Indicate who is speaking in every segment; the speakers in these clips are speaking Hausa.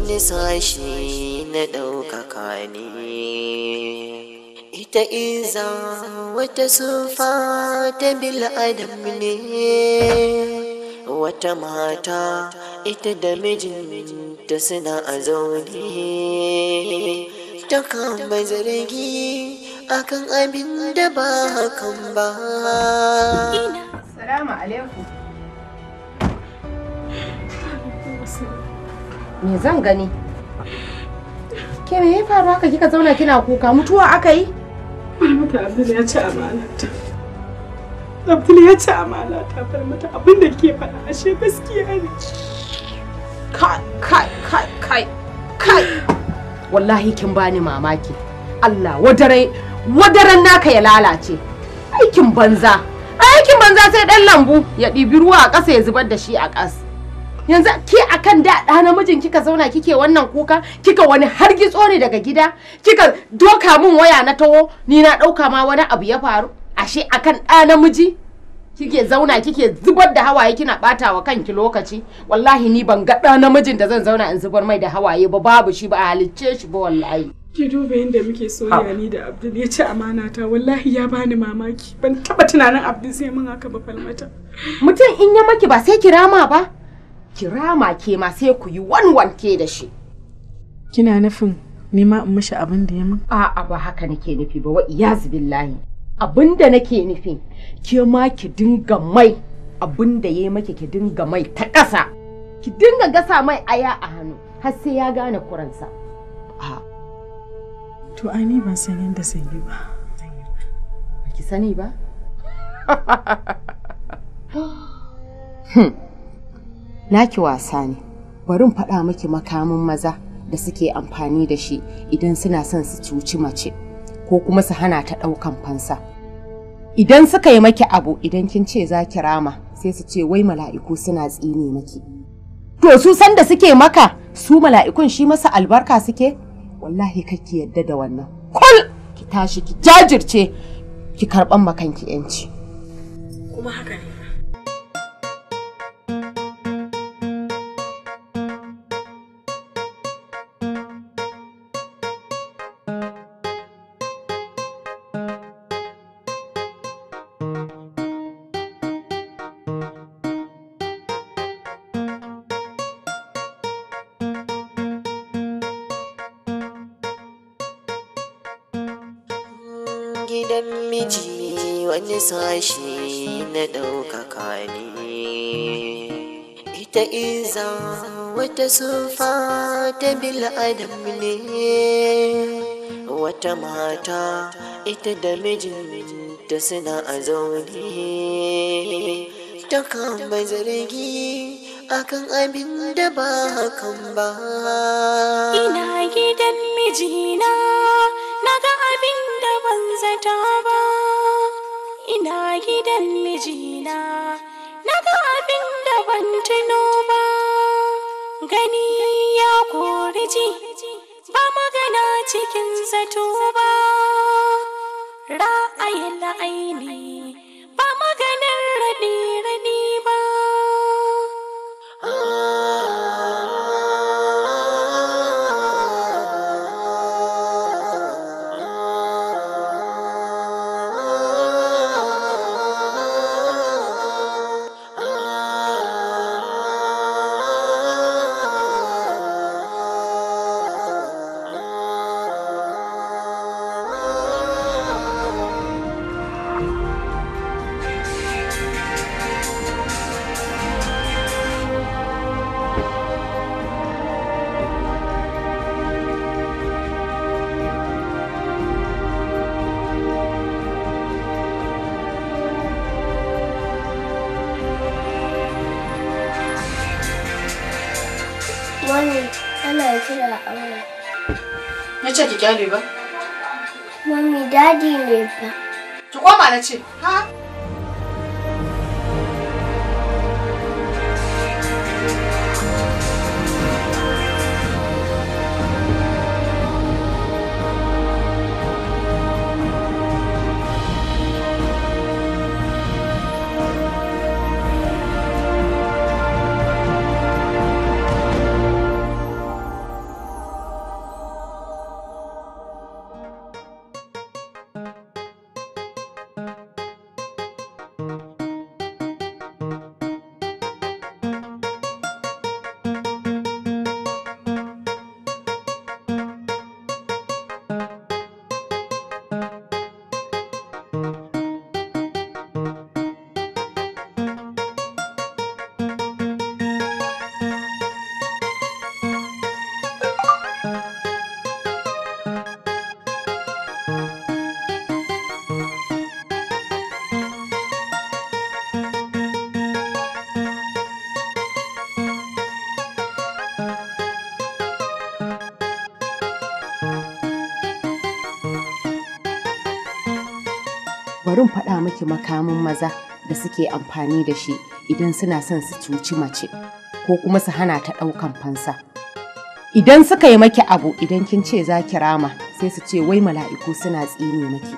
Speaker 1: wani sashi na ɗaukaka ne ita iza wata sufa ta bil'adam ne wata mata ita da mijinta suna a zaune ta kama zargi akan abin da ba hakan ba
Speaker 2: salamu alaikum
Speaker 1: Me zan gani? Ke me ya faru haka kika zauna kina kuka mutuwa aka yi?
Speaker 3: Mata Abdul ya ci amanata. Abdul ya ci amanata bar mata abin da ke faɗa ashe gaskiya ne. Kai kai kai kai
Speaker 1: Wallahi kin bani mamaki. Allah wadare wadaran naka ya lalace. Aikin banza. Aikin banza sai dan lambu ya ɗibi ruwa a ƙasa ya zubar da shi a ƙasa. yanzu ke akan da ɗa namijin kika zauna kike wannan kuka kika wani hargitso ne daga gida kika doka min waya na tawo ni na ɗauka ma wani abu ya faru ashe akan ɗa namiji kike zauna kike zubar da hawaye kina bata wa kanki lokaci wallahi ni ban ga ɗa namijin da zan zauna in zubar mai da
Speaker 3: hawaye ba babu shi ba a halicce shi ba wallahi ki duba yadda muke soyayya ni da Abdul ya ci amana ta wallahi ya bani mamaki ban taba tunanin Abdul zai mun haka ba falmata
Speaker 1: mutum in ya maki ba sai kirama ba kirama ke ma sai ku yi wanwanke da shi kina nufin ni ma in mishi abin da ya min a'a ba haka nake nufi ba wa iyaz billahi abin da nake nufi ke ma ki dinga mai abin da ya maki ki dinga mai ta ƙasa ki dinga gasa mai aya a hannu har sai ya gane kuransa
Speaker 3: a'a To ai ni ban san yadda zan yi ba.
Speaker 1: Ba ki sani ba? Hmm. naki wasa ne bari in faɗa miki makamin maza da suke amfani da shi idan suna son su cuci mace ko kuma su hana ta ɗaukan fansa idan suka yi maki abu idan kin ce za ki rama sai su ce wai mala'iku suna tsine maki to su san da suke maka su mala'ikun shi masa albarka suke wallahi kake yadda da wannan kul ki tashi ki jajirce ki karɓan makanki yanci kuma haka ne gidan miji wani sashi na ɗaukaka ne ita iza wata sufa ta bil'adam ne wata mata ita da mijinta suna a zaune ta kama zargi akan abin da ba hakan ba
Speaker 2: ina gidan mijina ban zata ba ina gidan mijina
Speaker 3: na ga abin da ban tuno ba gani ya kori ji
Speaker 2: ba magana cikin zato ba ra'ayin la'aini ba maganin raɗi
Speaker 3: ce kike kyale ba? Mami daddy ne ba. Ki koma na ce, ha?
Speaker 1: bari faɗa miki makamin maza da suke amfani da shi idan suna son su cuci mace ko kuma su hana ta ɗaukan fansa idan suka yi maki abu idan kin ce za ki rama sai su ce wai mala'iku suna tsine maki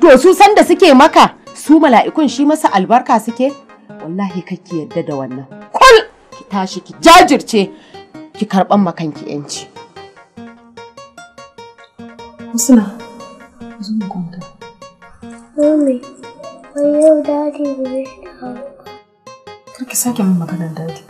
Speaker 1: to su san da suke maka su mala'ikun shi masa albarka suke wallahi kake yadda da wannan kul ki tashi ki jajirce ki karɓan makanki
Speaker 3: yanci Husna, zo mu kwanta.
Speaker 2: Mami, wai yau dadi bai dawo.
Speaker 3: Kar ki sake min maganar dadi.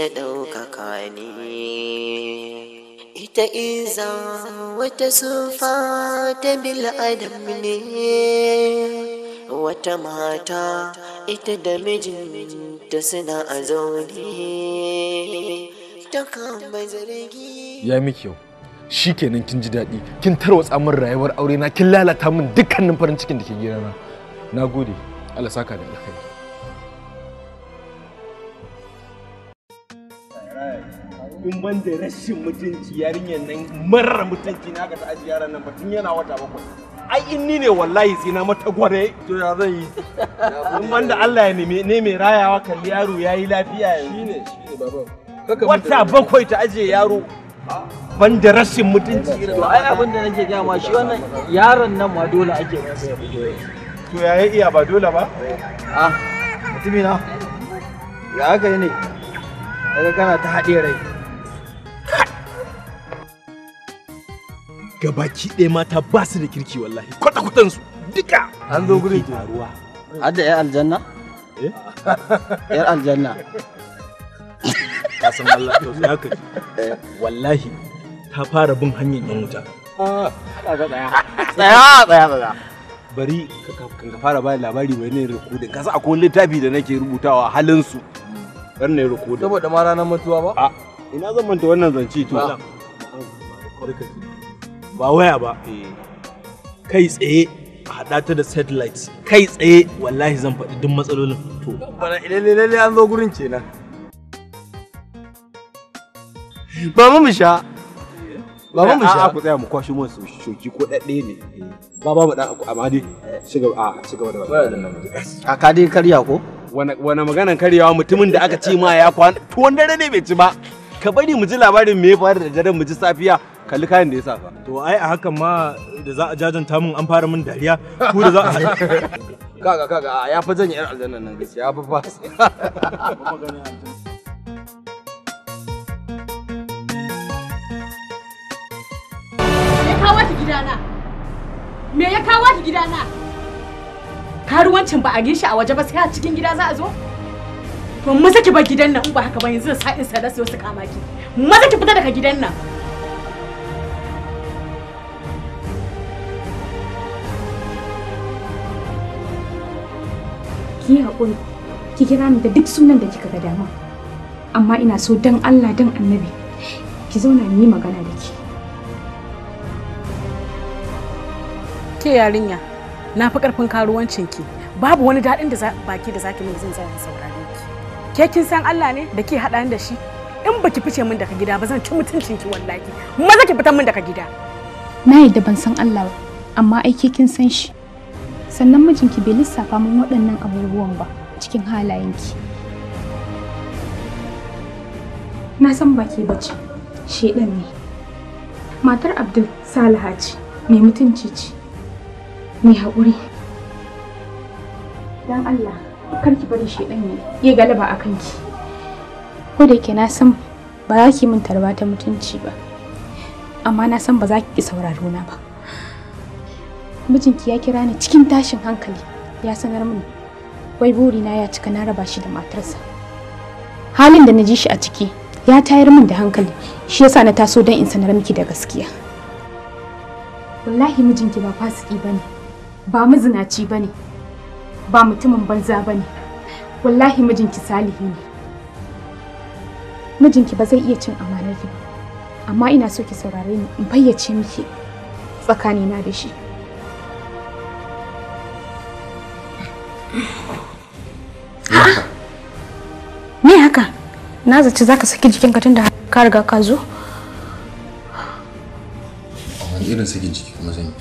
Speaker 2: na ɗaukaka ne
Speaker 1: ita iza wata sufa ta adam ne wata mata ita da mijinta suna a zaune ya miki yau shi kenan kin ji daɗi kin tarwatsa min rayuwar aure na kin lalata min dukkanin farin cikin da ke gidana na gode
Speaker 3: Allah saka da alkhairi in ban da rashin mutunci yarinyar nan marar mutunci na ga ta'aji yaran nan batun yana wata bakwai ai in ni ne wallahi tsina mata gware to ya zan yi in ban da Allah ya neme ne mai rayawa kalli yaro yayi lafiya yanzu shine shine baba wata bakwai ta aje yaro ban da rashin mutunci to ai abin da nake gaya ma shi wannan yaron nan ma dole ake to yaya iya ba dole ba a ah, mutumina ya haka ne daga kana ta haɗe rai gabaki ɗaya mata ba su da kirki wallahi kwata kwatan su duka an zo gurin ruwa har da yar aljanna eh? yar aljanna san Allah to sai haka wallahi ta fara bin hanyar nan wuta
Speaker 1: ah, tsaya tsaya tsaya
Speaker 3: bari kan ka fara bayan labari mai ne ka kasa akwai littafi da nake rubutawa halin su ran ne rikodin saboda ma ranar mutuwa ba ah, ina zan manta wannan zance to ba waya ba kai tsaye a haɗa ta da satellite kai tsaye wallahi zan faɗi duk matsalolin to bana lalle lalle an zo gurin kenan ba mu mu sha
Speaker 1: ba mu mu eh, sha ku
Speaker 3: tsaya mu kwashi mu shoki ko ɗaɗɗe ne eh, ba ba mu dan amma dai shiga a shiga da wannan a ka dai karya ko wani maganan karyawa mutumin da aka ce ma ya kwana tuwon dare ne bai ci ba ka bari mu ji labarin me ya faru da daren mu ji safiya kalli kayan da ya sa fa to ai a hakan ma da za a jajanta min an fara min dariya ku da za a kaga kaga
Speaker 1: ya fa zan yar aljanna nan gaskiya ya fa fa
Speaker 3: Me ya kawo ki gidana? Me ya kawo ki gidana? Karuwancin ba a gishi a waje ba sai a cikin gida za a zo? To maza ki ba gidan nan ba haka ba yanzu sa in sada sai su kama ki. Maza ki fita daga gidan nan.
Speaker 2: ki yi ki kira ni da duk sunan da kika ga dama amma ina so dan Allah dan annabi ki zauna ni magana da ki ke yarinya
Speaker 3: na fi karfin karuwancin ki babu wani daɗin da baki da zaki mun zan tsaya saurare ki ke kin san Allah ne da ke haɗa ni da shi in baki fice min daga gida ba zan ci mutuncin ki wallahi maza ki fitan min daga gida
Speaker 2: na yadda ban san Allah ba amma aike kin san shi sannan mijinki bai lissafa min waɗannan abubuwan ba cikin halayenki na san ba ke bace ɗan ne matar abdul salaha ce mai mutunci ce mai haƙuri don allah kar ki bari ɗan ne ya galaba a kanki ko da yake na san ba za ki min tarba ta mutunci ba amma na san ba za ki ki sauraro na ba mijinki ya kira ni cikin tashin hankali ya sanar mini wai burina ya cika na raba shi da matarsa halin da na ji shi a ciki ya tayar min da hankali shi yasa na taso dan in sanar miki da gaskiya wallahi mijinki ba fasiki bane ba mizinaci bane ba mutumin banza bane wallahi mijinki salihi ne mijinki ba zai iya cin amanar ki ba amma ina so ki saurare ni in fayyace miki tsakanina da shi Me haka? Na zaci zaka saki jikin ka tunda ka riga ka zo.
Speaker 3: Wani irin sakin jiki kuma zan yi?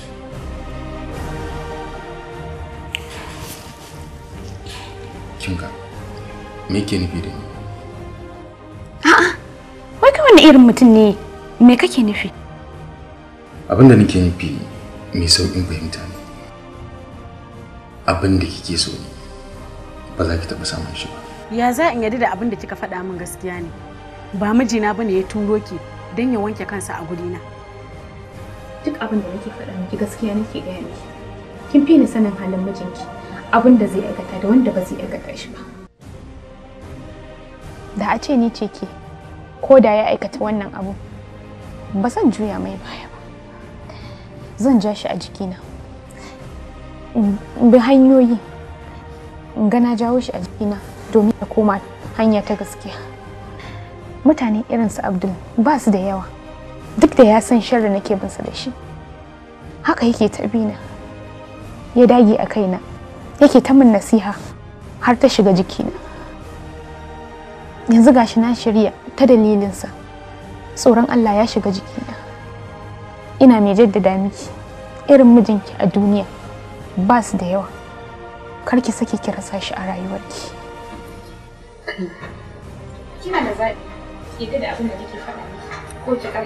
Speaker 3: Kinka, me ke nufi da ni?
Speaker 2: A'a, wai ka wani irin mutum ne? Me kake nufi?
Speaker 1: Abin da nake nufi mai sauƙin fahimta
Speaker 3: abin da kike so ne ba za ki taɓa samun shi ba ya za in yadda da abin da kika faɗa min gaskiya ne ba mijina bane ya turo ki don ya
Speaker 2: wanke kansa a na. duk abin da nake faɗa miki gaskiya nake gaya miki kin fi ni sanin halin mijinki abin da zai aikata da wanda ba zai aikata shi ba da a ce ni ce ke ko da ya aikata wannan abu ba zan juya mai baya ba zan ja shi a jikina bi hanyoyi in ga na jawo shi a jikina domin ya koma hanya ta gaskiya mutane irin su abdul ba su da yawa duk da ya san sharri nake bin da shi haka yake ta bina ya dage a kaina yake ta min nasiha har ta shiga jikina yanzu gashi na shirya ta dalilinsa tsoron Allah ya shiga jikina ina mai jaddada miki irin mijinki a duniya ba su da yawa kar ki sake ki rasa shi a rayuwarki kina da zaɓi ki da abin da kike faɗa ko ki ta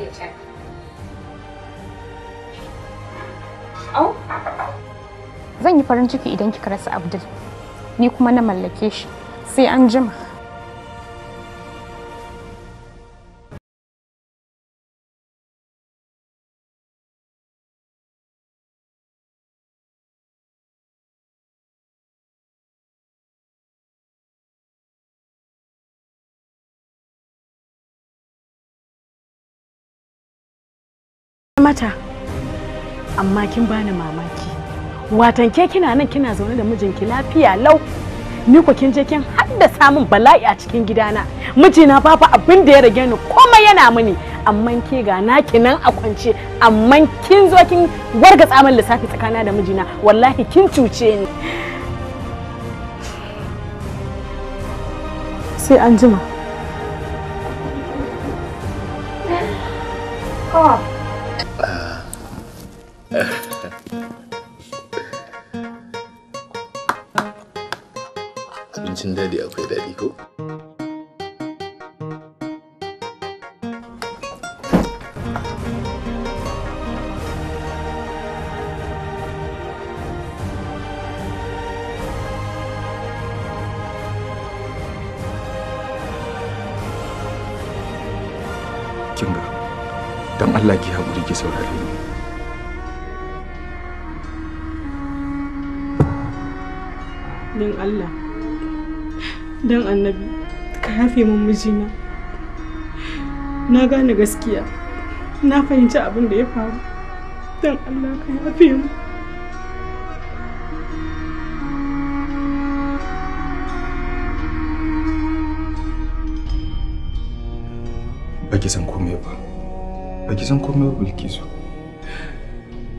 Speaker 2: au zan yi farin ciki idan kika rasa abdul ni kuma na mallake shi sai an jima
Speaker 3: mata amma kin bani mamaki watan ke kina nan kina zaune da mijinki lafiya lau ni ko kin je kin haddasa samun bala'i a cikin gidana mijina babu abin da ya rage ni komai yana mini amma ke ga naki nan a kwance amma kin zo kin warga tsamin lissafi tsakana da mijina wallahi kin cuce ni sai anjima jima abincin daɗi akwai daɗi ko?
Speaker 1: kinga don Allah ki haƙuri ki saurare ni
Speaker 3: don Allah don annabi ka hafe min mijina na gane gaskiya na fahimci abin da ya faru don allah ka hafe mu
Speaker 1: baki san komai ba baki san komai ba bilkisu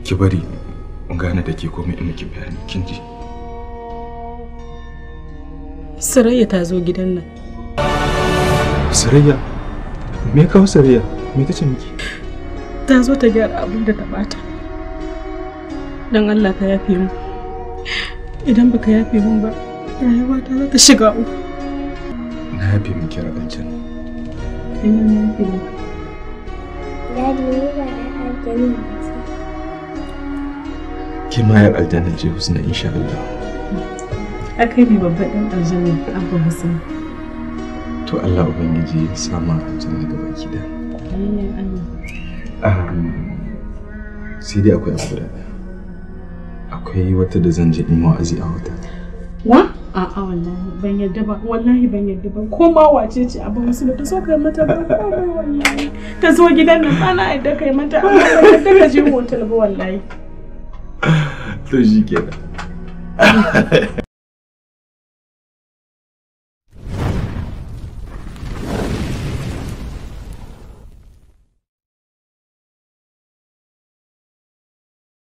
Speaker 1: ki bari in gane da ke komai in miki bayani kin ji
Speaker 3: Sarayya ta zo gidan nan.
Speaker 1: Sarayya? Me ya kawo Sarayya? Me ta ce miki?
Speaker 3: Ta zo ta gyara abin da ta bata. Don Allah ka yafe mu. Idan baka yafe mu ba, rayuwa ta za ta shiga uku.
Speaker 1: Na yafe miki rabancan.
Speaker 3: Ina na yafe miki. Dadi ba a aljanna.
Speaker 1: Ki ma aljanna ce Husna insha Allah.
Speaker 3: a yi ne babban ɗan aljanna abu hasan
Speaker 1: to allah ubangiji ya sama aljanna gaba ki da sai dai akwai abu da akwai wata da zan je in wa'azi a wata
Speaker 3: wa a'a wallahi ban yadda ba wallahi ban yadda ba ko ma wace ce abin wasu ba ta so kai mata ba komai wallahi ta zo gidan nan ba na yadda kai mata amma ban yadda ka je hotel ba wallahi to shi kenan